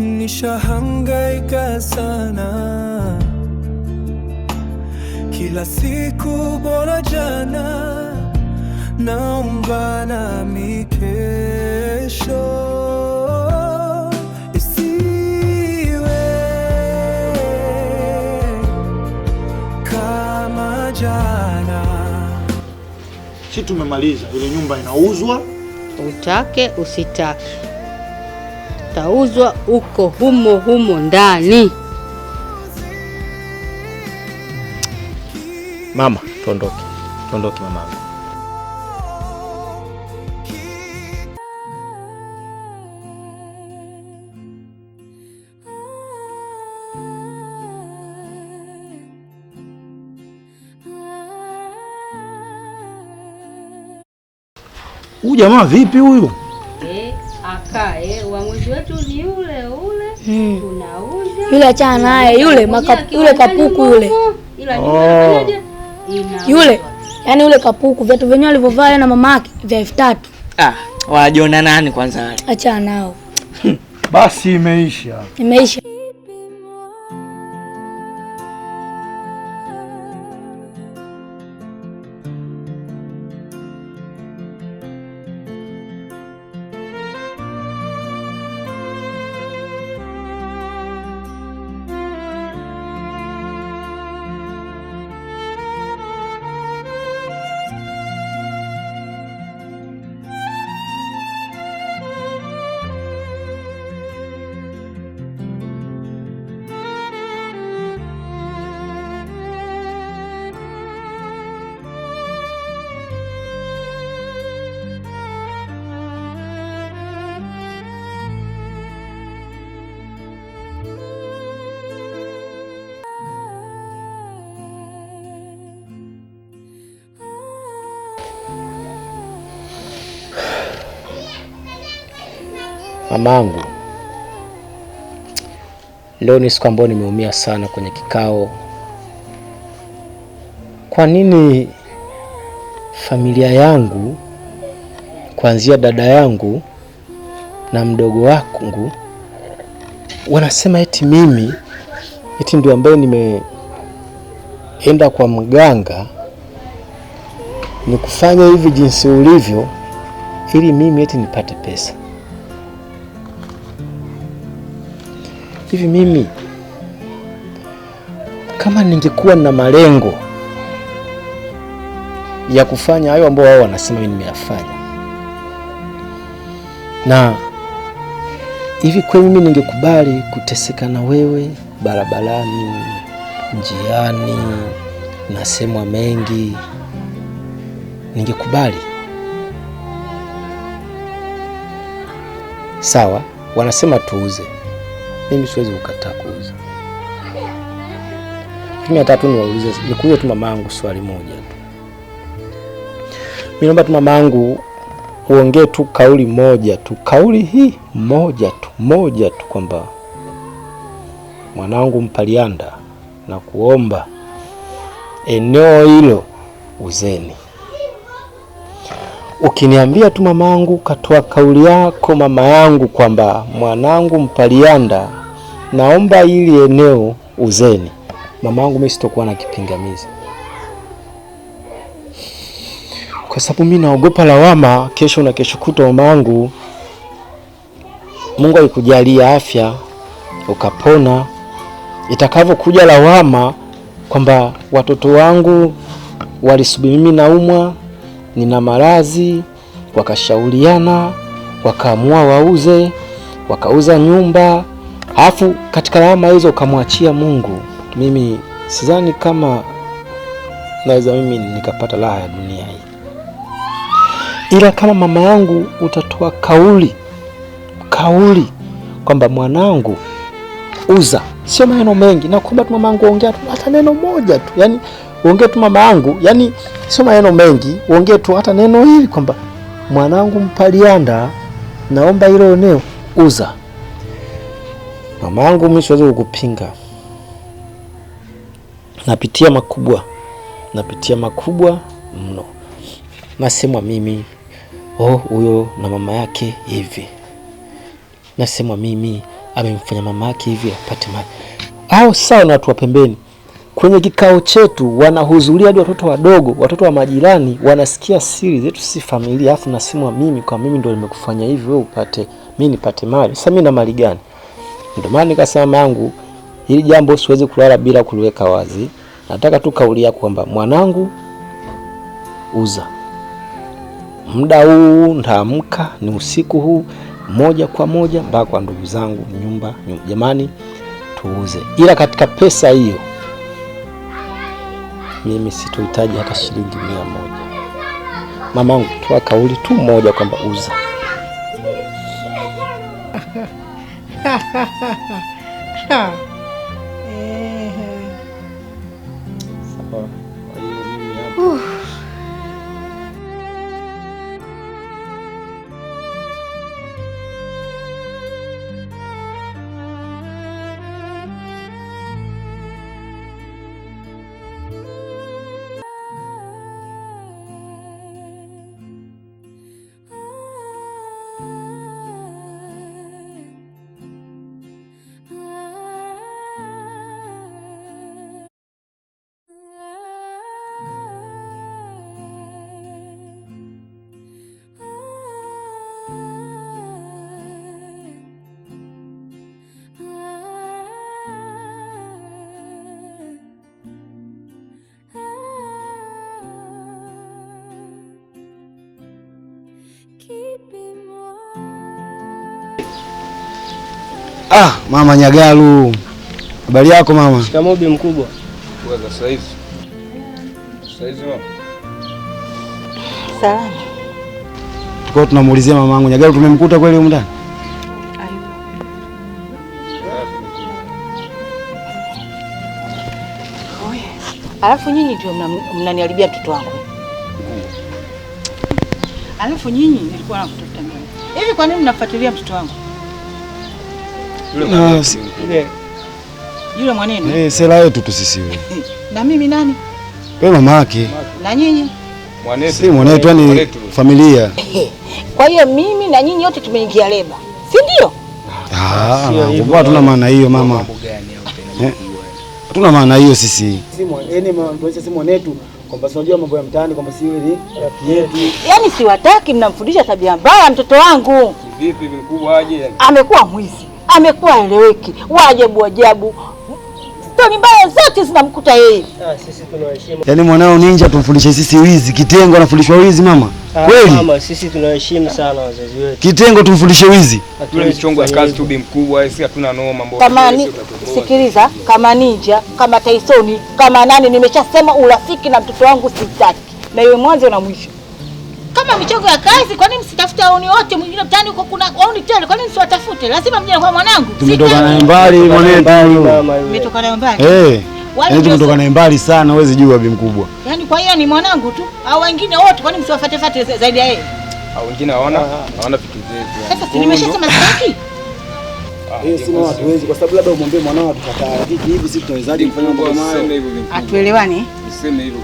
nishahangaika sana, kila siku bora jana, naomba kama jana Si tumemaliza, ile nyumba inauzwa, utake usitake utauzwa uko humo humo ndani. Mama, tuondoke, tuondoke mama. Huyu jamaa vipi huyu? Eh, akae Hmm. Yule achana naye yule yule kapuku yule Yule oh. yani yule kapuku viatu vyenyewe alivyovaa na mama yake vya elfu tatu. Ah, wanajiona nani kwanza? Achana nao. Hmm. Basi imeisha, imeisha. Mamangu, leo ni siku ambayo nimeumia sana kwenye kikao. Kwa nini familia yangu kuanzia dada yangu na mdogo wangu wanasema eti mimi eti ndio ambaye nimeenda kwa mganga nikufanya hivi jinsi ulivyo, ili mimi eti nipate pesa? Hivi mimi kama ningekuwa na malengo ya kufanya hayo ambao wao wanasema mimi nimeyafanya, na hivi kweli mimi ningekubali kuteseka na wewe barabarani, njiani na semwa mengi? Ningekubali? Sawa, wanasema tuuze mimi siwezi kukataa kuuza. Mimi nataka tu niwaulize, nikuje tu yangu swali moja tu. Mimi naomba tu yangu uongee tu kauli moja tu, kauli hii moja tu, moja tu kwamba mwanangu Mpalianda, na kuomba eneo hilo uzeni. Ukiniambia tu mamangu, katoa kauli yako mama yangu kwamba mwanangu Mpalianda, naomba ili eneo uzeni, mamangu, mimi sitokuwa na kipingamizi, kwa sababu mimi naogopa lawama kesho na kesho kuto. Mamangu, Mungu alikujalia afya ukapona, itakavyokuja lawama kwamba watoto wangu walisubiri mimi naumwa nina maradhi. Wakashauriana, wakaamua wauze, wakauza nyumba, alafu katika lawama hizo ukamwachia Mungu. Mimi sidhani kama naweza mimi nikapata raha ya dunia hii, ila kama mama yangu utatoa kauli kauli kwamba mwanangu, uza, sio maneno mengi na kwamba tu mama yangu ongea tu hata neno moja tu, yani uongee tu mama yangu, yani sio maneno mengi, uongee tu hata neno hili kwamba mwanangu Mpalianda, naomba hilo eneo uza. Mama yangu mimi siwezi kukupinga, napitia makubwa, napitia makubwa mno, nasemwa mimi oh, huyo na mama yake hivi, nasemwa mimi amemfanya mama yake hivi apate mali au sawa, na watu wa pembeni kwenye kikao chetu wanahudhuria hadi watoto wadogo, watoto wa majirani wanasikia siri zetu, si familia, afu nasimwa mimi kwa mimi ndio nimekufanya hivi wewe upate mimi nipate mali. Sasa mimi na mali gani? Ndio maana nikasema mangu, hili jambo siwezi kulala bila kuliweka wazi. Nataka tu kauli yako kwamba mwanangu, uza muda huu, ntaamka ni usiku huu, moja kwa moja mpaka kwa ndugu zangu nyumba, nyumba. Jamani tuuze, ila katika pesa hiyo mimi sitohitaji hata shilingi mia moja. Mamangu, toa kauli tu moja kwamba uza. Ah, mama Nyagalu, habari yako mama? Shikamoo bi mkubwa. Sasa hivi. Sasa hivi mama. Salama. Tuko tunamuulizia mama mamangu Nyagalu, tumemkuta kweli huko ndani? Alafu nyinyi ndio mnaniharibia mtoto wangu. Alafu nyinyi nilikuwa nakutafuta mimi. Hivi kwa nini mnafuatilia mtoto wangu? yule ah, mwanene Eh, sera yetu tu sisi wewe. Na mimi nani? Wewe mama yake. Na nyinyi? Mwanetu. Si mwanetu ni familia. Kwa hiyo mimi na nyinyi yote tumeingia leba. Si ndio? Ah, ah kwa tuna maana hiyo mama. Eh? Hatuna maana hiyo sisi. Eh, si mwanetu kwamba si unajua mambo ya mtaani kwamba si yule rafiki yetu. Yaani siwataki mnamfundisha tabia mbaya mtoto wangu. Vipi mkubwa aje? Amekuwa mwizi amekuwa eleweki, waajabu ajabu, stori mbaya zote zinamkuta yeye. Ah, yaani mwanao ninja tumfundishe sisi wizi, kitengo anafundishwa wizi mama ah, kweli mama, sisi tunaheshimu sana wazazi wetu. Kitengo tumfundishe wizi, michongo ya kazi tu, bi mkubwa, sisi hatuna noma. ni sikiliza, kama ninja kama Tyson kama nani, nimeshasema urafiki na mtoto wangu sitaki, na iwe mwanzo na mwisho kama michogo ya kazi, kwa nini msitafute auni wote mwingine mtaani huko, kuna auni tele, kwa nini msiwatafute? Lazima mje kwa mwanangu, tumetoka naye mbali, mwanangu eh. umetoka naye mbali eh, yaani, yaani tumetoka naye mbali sana, huwezi jua bibi mkubwa. Yaani kwa hiyo ni mwanangu tu au wengine wote, kwani msiwafate fate zaidi ya yeye au wengine? waona, waona vitu zetu. Sasa si nimeshasema sitaki hiyo ah, sina watu wezi, kwa sababu labda umwambie mwanao tukatae hiki hivi, sisi tunawezaje kufanya mambo kama hayo? Atuelewani, niseme hilo.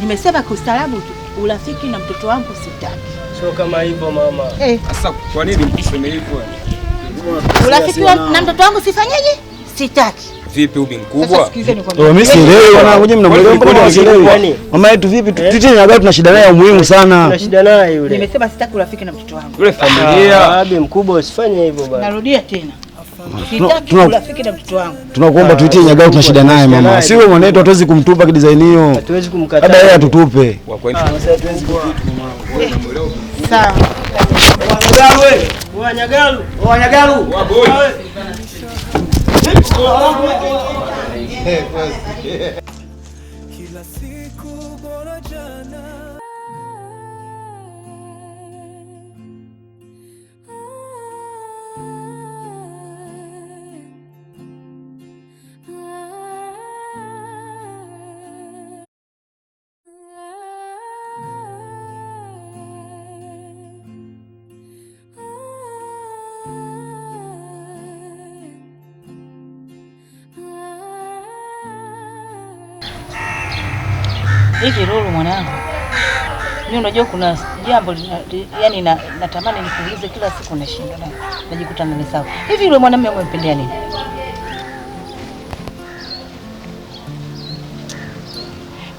Nimesema kwa ustaarabu tu urafiki na mtoto wangu sitaki. Sio kama hivyo mama. Eh. Sasa kwa nini mseme hivyo? Urafiki na mtoto wangu sifanyeje? Sitaki. Vipi ubi mkubwa? Mimi sielewi bwana, ngoja mnamwelewa mkubwa sielewi. Mama yetu vipi? Titi na gari tuna shida naye muhimu sana. Tuna shida naye yule. Nimesema sitaki urafiki na mtoto wangu. Yule familia. Abi mkubwa usifanye hivyo bwana. Narudia tena. Tunakuomba tuitie Nyagao, tuna shida naye mama, si wewe mwanetu, hatuwezi kumtupa kidizaini hiyo, labda yeye atutupe. Hivi Lulu mwanangu, mimi unajua kuna jambo yani na, natamani nikuulize kila siku nashindwa na najikuta nimesahau. Hivi yule mwanamume umempendea nini?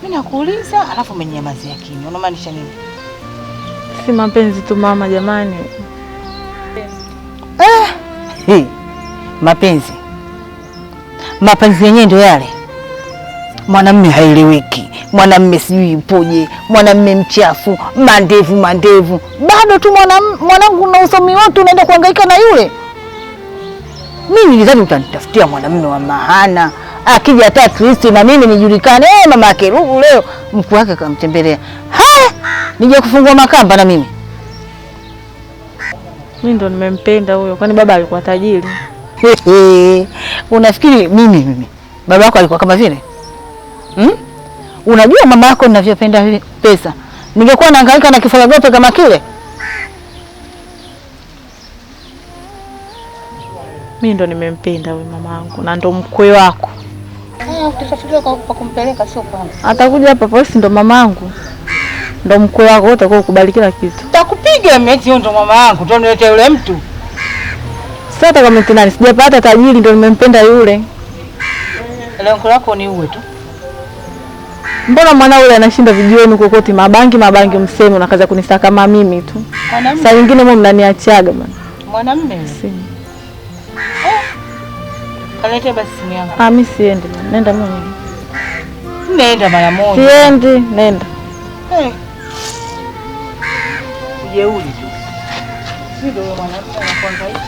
Mimi nakuuliza alafu umenyamazia kimya. Unamaanisha nini? Si mapenzi tu mama, jamani. Ah, eh! hey, mapenzi mapenzi yenyewe ndio yale, mwanamume haeleweki mwanamme sijui ipoje, mwanamme mchafu, mandevu mandevu. Bado tu mwanangu, na usomi wote unaenda kuhangaika na yule. Mimi nilizani utanitafutia mwanamume wa mahana, akija hata Kristo na mimi nijulikane. Hey, eh, mama yake Rugu leo mkuu wake akamtembelea, haya nije kufungua makamba na mimi mimi ndo nimempenda huyo, kwani baba alikuwa tajiri? Unafikiri mimi mimi baba yako alikuwa kama vile hmm? Unajua mama yako ninavyopenda pesa, ningekuwa nahangaika na kifurugope kama kile. Mimi ndo nimempenda huyu yangu na ndo mkwe wako. Atakuja hapa polisi, ndo yangu ndo mkwe wako, utakuwa ukubali kila kitu. Takupiga mimi, ndo yangu, ndo niletea yule mtu sasa. Kama mtu nani, sijapata tajiri, ndo nimempenda yule. Lengo lako ni uwe tu mbona mwanao ule anashinda video vijiweni kokoti, mabangi mabangi, mseme unakaza kunisaka kama mimi tu. Saa nyingine mimi mnaniachaga bwana. Mwanamume si oh. kalete basi simu yangu. Ah, mimi siendi, nenda mimi. Nenda mara moja. Siendi, nenda. Eh. Ujeuri tu. Sio ndio mwanamume anakuangalia.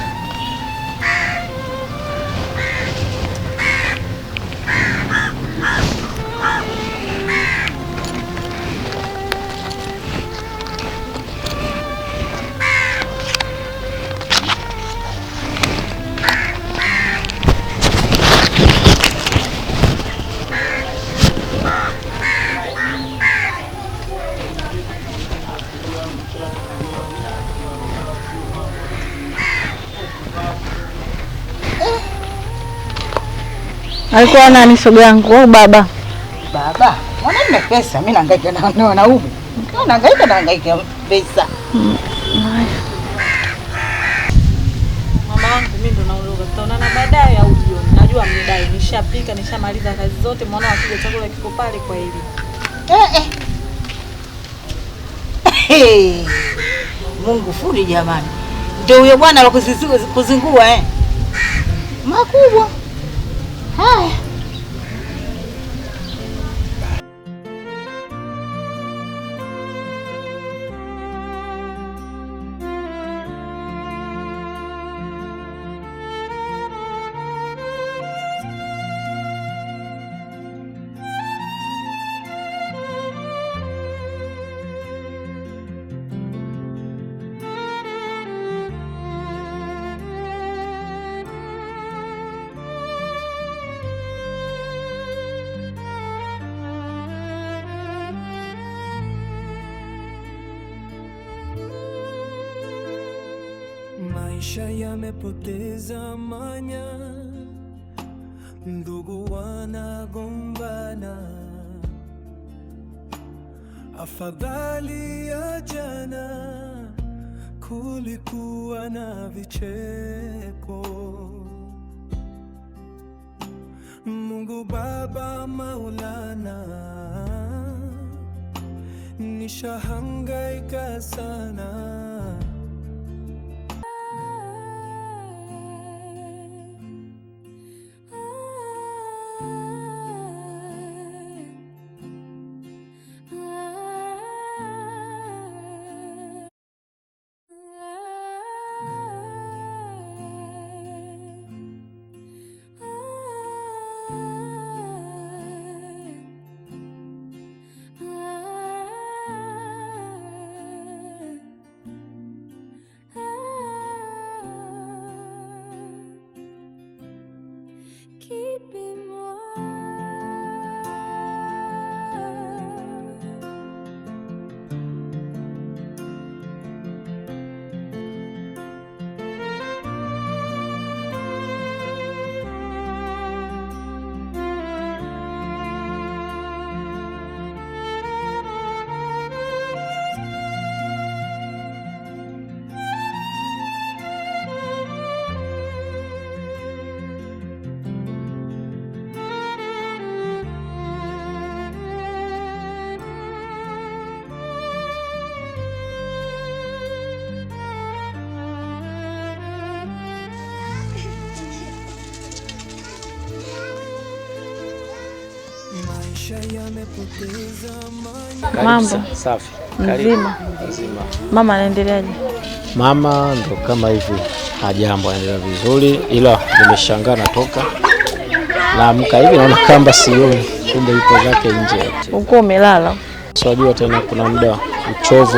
alikuwa ana nisogo yangu au baba baba mwana nina pesa mimi nahangaika na wanaume nahangaika nahangaika pesa mama wangu mimi ndo naondoka tutaonana baadaye au jioni najua mnidai nishapika nishamaliza kazi zote mwana wakija chakula kiko pale kwa hili eh, eh. Hey. Mungu fundi jamani ndio huyo bwana wa kuzingua eh makubwa Hi. amepoteza manya, ndugu wanagombana, afadhali ya jana kulikuwa na vicheko. Mungu Baba Maulana, nishahangaika sana Mambo safi, mzima mzima. Mama anaendeleaje? Mama ndo kama hivi, hajambo, anaendelea vizuri, ila nimeshangaa, natoka naamka hivi naona kamba sioni, kumbe ipo zake nje. Uko umelala? Sijua tena, kuna muda uchovu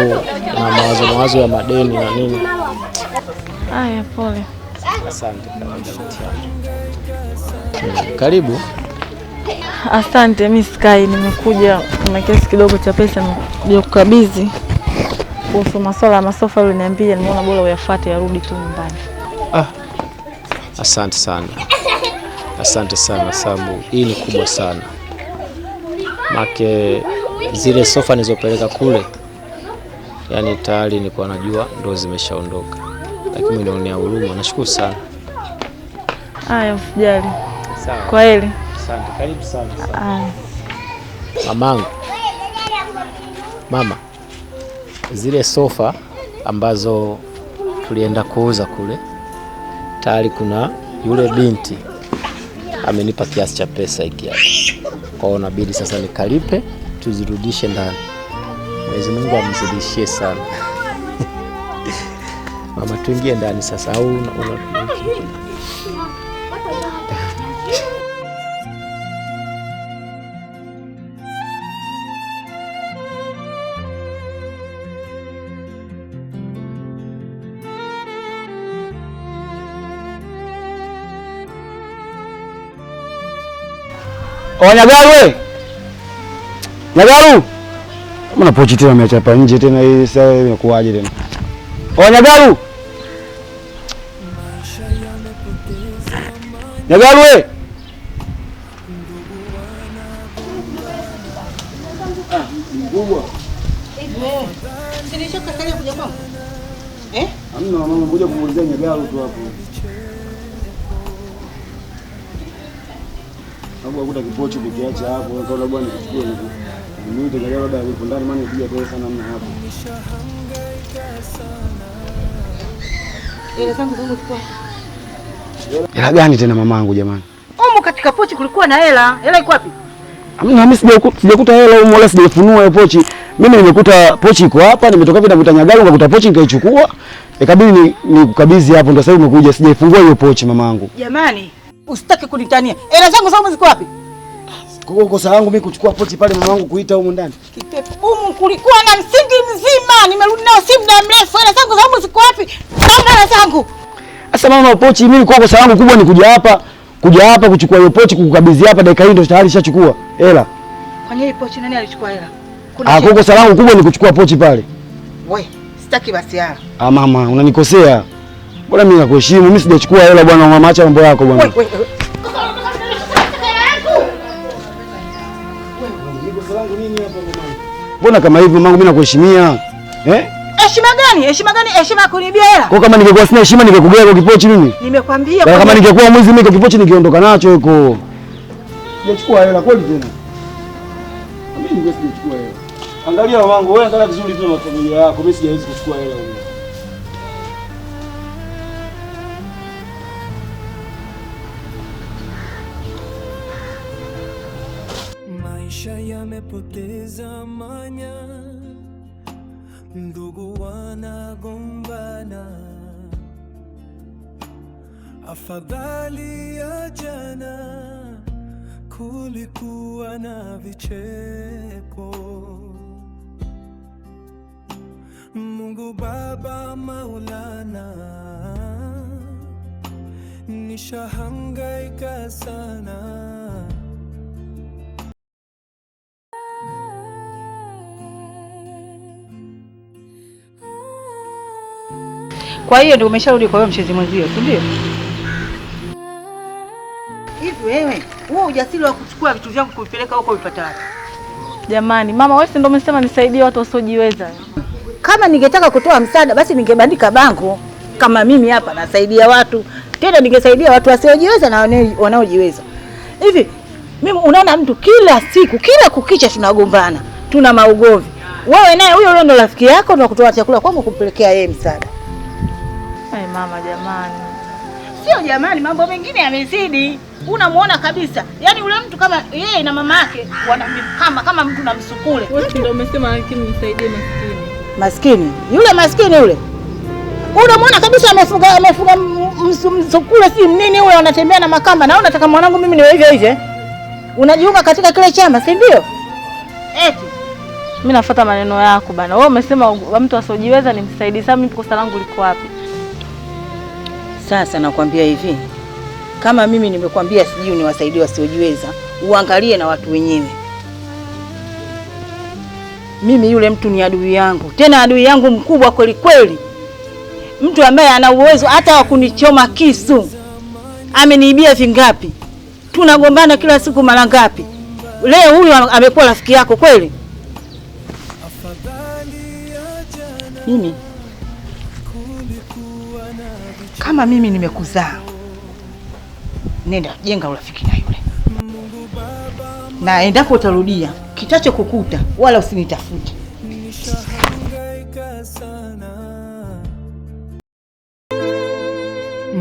na mawazo mawazo ya madeni na nini. Haya, pole. Asante. Karibu. Asante, Miss sikai, nimekuja kuna kiasi kidogo cha pesa, nimekuja kukabidhi kuhusu masuala ya masofa uliniambia, nimeona bora uyafuate yarudi tu nyumbani. Ah, asante sana, asante sana sababu hii ni kubwa sana make zile sofa nilizopeleka kule, yani tayari nilikuwa najua ndo zimeshaondoka, lakini nionea huruma. Nashukuru sana. Haya, msijali. Sawa, kwaheri. Asante, karibu sana. Ah. Mamangu, mama, zile sofa ambazo tulienda kuuza kule, tayari kuna yule binti amenipa kiasi cha pesa hiki hapa, kwa hiyo nabidi sasa nikalipe tuzirudishe ndani. Mwenyezi Mungu amzidishie sana. Mama, tuingie ndani sasa au una Wanyagaru we. Nyagaru. Mbona pochi tena amechapa nje tena hii sasa imekuaje tena? Wanyagaru. Nyagaru we. Eh? Amna mama kuja kumuulizia Nyagaru tu hapo. sababu akuta kipochi hapo kaona bwana hivi mimi ndani, maana hapo hela gani tena mamangu, jamani, umu katika pochi kulikuwa na hela. Hela iko wapi? Hamna, mimi sijakuta hela umu, wala sijaifunua hiyo pochi. Mimi nimekuta pochi iko hapa, nimetoka hivi nakutanya gari nikakuta pochi nikaichukua, ikabidi nikukabidhi hapo, ndio sasa umekuja. Sijaifungua hiyo pochi mamangu, jamani. Usitaki kunitania. Hela zangu zangu ziko wapi? Kwa kosa langu mimi kuchukua pochi pale mama wangu kuita huko ndani. Kitepu humu kulikuwa na msingi mzima. Nimerudi nao simu na mrefu. Hela zangu zangu ziko wapi? hela zangu. Sasa mama pochi mimi kwa kosa langu kubwa ni kuja hapa, kuja hapa kuchukua hiyo pochi kukukabidhi hapa dakika hii ndio tayari shachukua. Hela. Kwa nini pochi nani alichukua hela? Kuna Ah, kosa langu kubwa ni kuchukua pochi pale. Wewe, sitaki basi hela. Ah mama, unanikosea. Bwana mimi nakuheshimu, mimi sijachukua hela bwana, mama acha mambo yako bwana. Mbona kama hivi mangu, mimi nakuheshimia. Eh? Heshima gani? Heshima gani? Heshima kunibia hela? Kwa kama ningekuwa sina heshima ningekugea kwa kipochi mimi. Nimekwambia. kama ningekuwa mwizi mimi kwa kipochi ningeondoka nacho huko. Sijachukua hela kweli tena. Mimi ningekuwa sijachukua hela. Angalia mamangu, wewe angalia vizuri tu na familia yako. Mimi sijawezi kuchukua hela. Nimepoteza manya, ndugu wanagombana, afadhali ya jana kulikuwa na vicheko. Mungu Baba Maulana, nishahangaika sana Kwa hiyo ndio umesharudi kwa wewe mchezi mwenzio, si ndio? Hivi wewe, wewe ujasiri wa kuchukua vitu vyangu kuvipeleka huko ulipata wapi? Jamani mama, wewe ndio umesema nisaidie watu wasiojiweza. Kama ningetaka kutoa msaada basi ningebandika bango kama mimi hapa nasaidia watu, tena ningesaidia watu wasiojiweza na wanaojiweza. Hivi mimi unaona, mtu kila siku kila kukicha tunagombana, tuna maugomvi. Wewe naye huyo huyo ndo rafiki yako, ndo kutoa chakula kwangu kumpelekea yeye msaada mama, jamani. Sio jamani, mambo mengine yamezidi, unamwona kabisa. Yaani ule mtu kama yeye na mama yake wanamkama kama mtu na msukule. Ndio umesema lakini msaidie maskini. Maskini yule, maskini yule unamwona kabisa amefunga amefunga msukule, si nini yule, anatembea na makamba. Na unataka mwanangu mimi niwe hivyo hivyo? Eh? Unajiunga katika kile chama, si ndio? Eti mimi nafuata maneno yako bana. Wewe umesema mtu asiojiweza nimsaidie. Sasa mimi kosa langu liko wapi? Sasa nakwambia hivi, kama mimi nimekwambia sijui niwasaidie wasiojiweza, uangalie na watu wenyewe. Mimi yule mtu ni adui yangu, tena adui yangu mkubwa kweli kweli, mtu ambaye ana uwezo hata wa kunichoma kisu. Ameniibia vingapi? Tunagombana kila siku mara ngapi? Leo huyu amekuwa rafiki yako kweli? mimi kama mimi nimekuzaa, nenda jenga urafiki na yule, na endapo utarudia kitacho kukuta, wala usinitafute.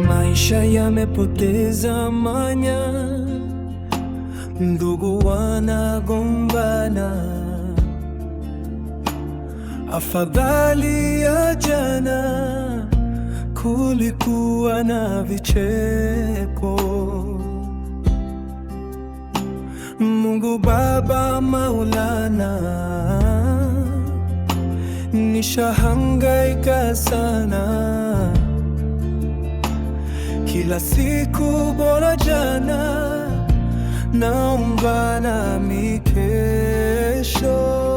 Maisha yamepoteza manya, ndugu wanagombana afadhali ya jana kulikuwa na vicheko. Mungu Baba Maulana, nishahangaika sana, kila siku bora jana, naungana mikesho kesho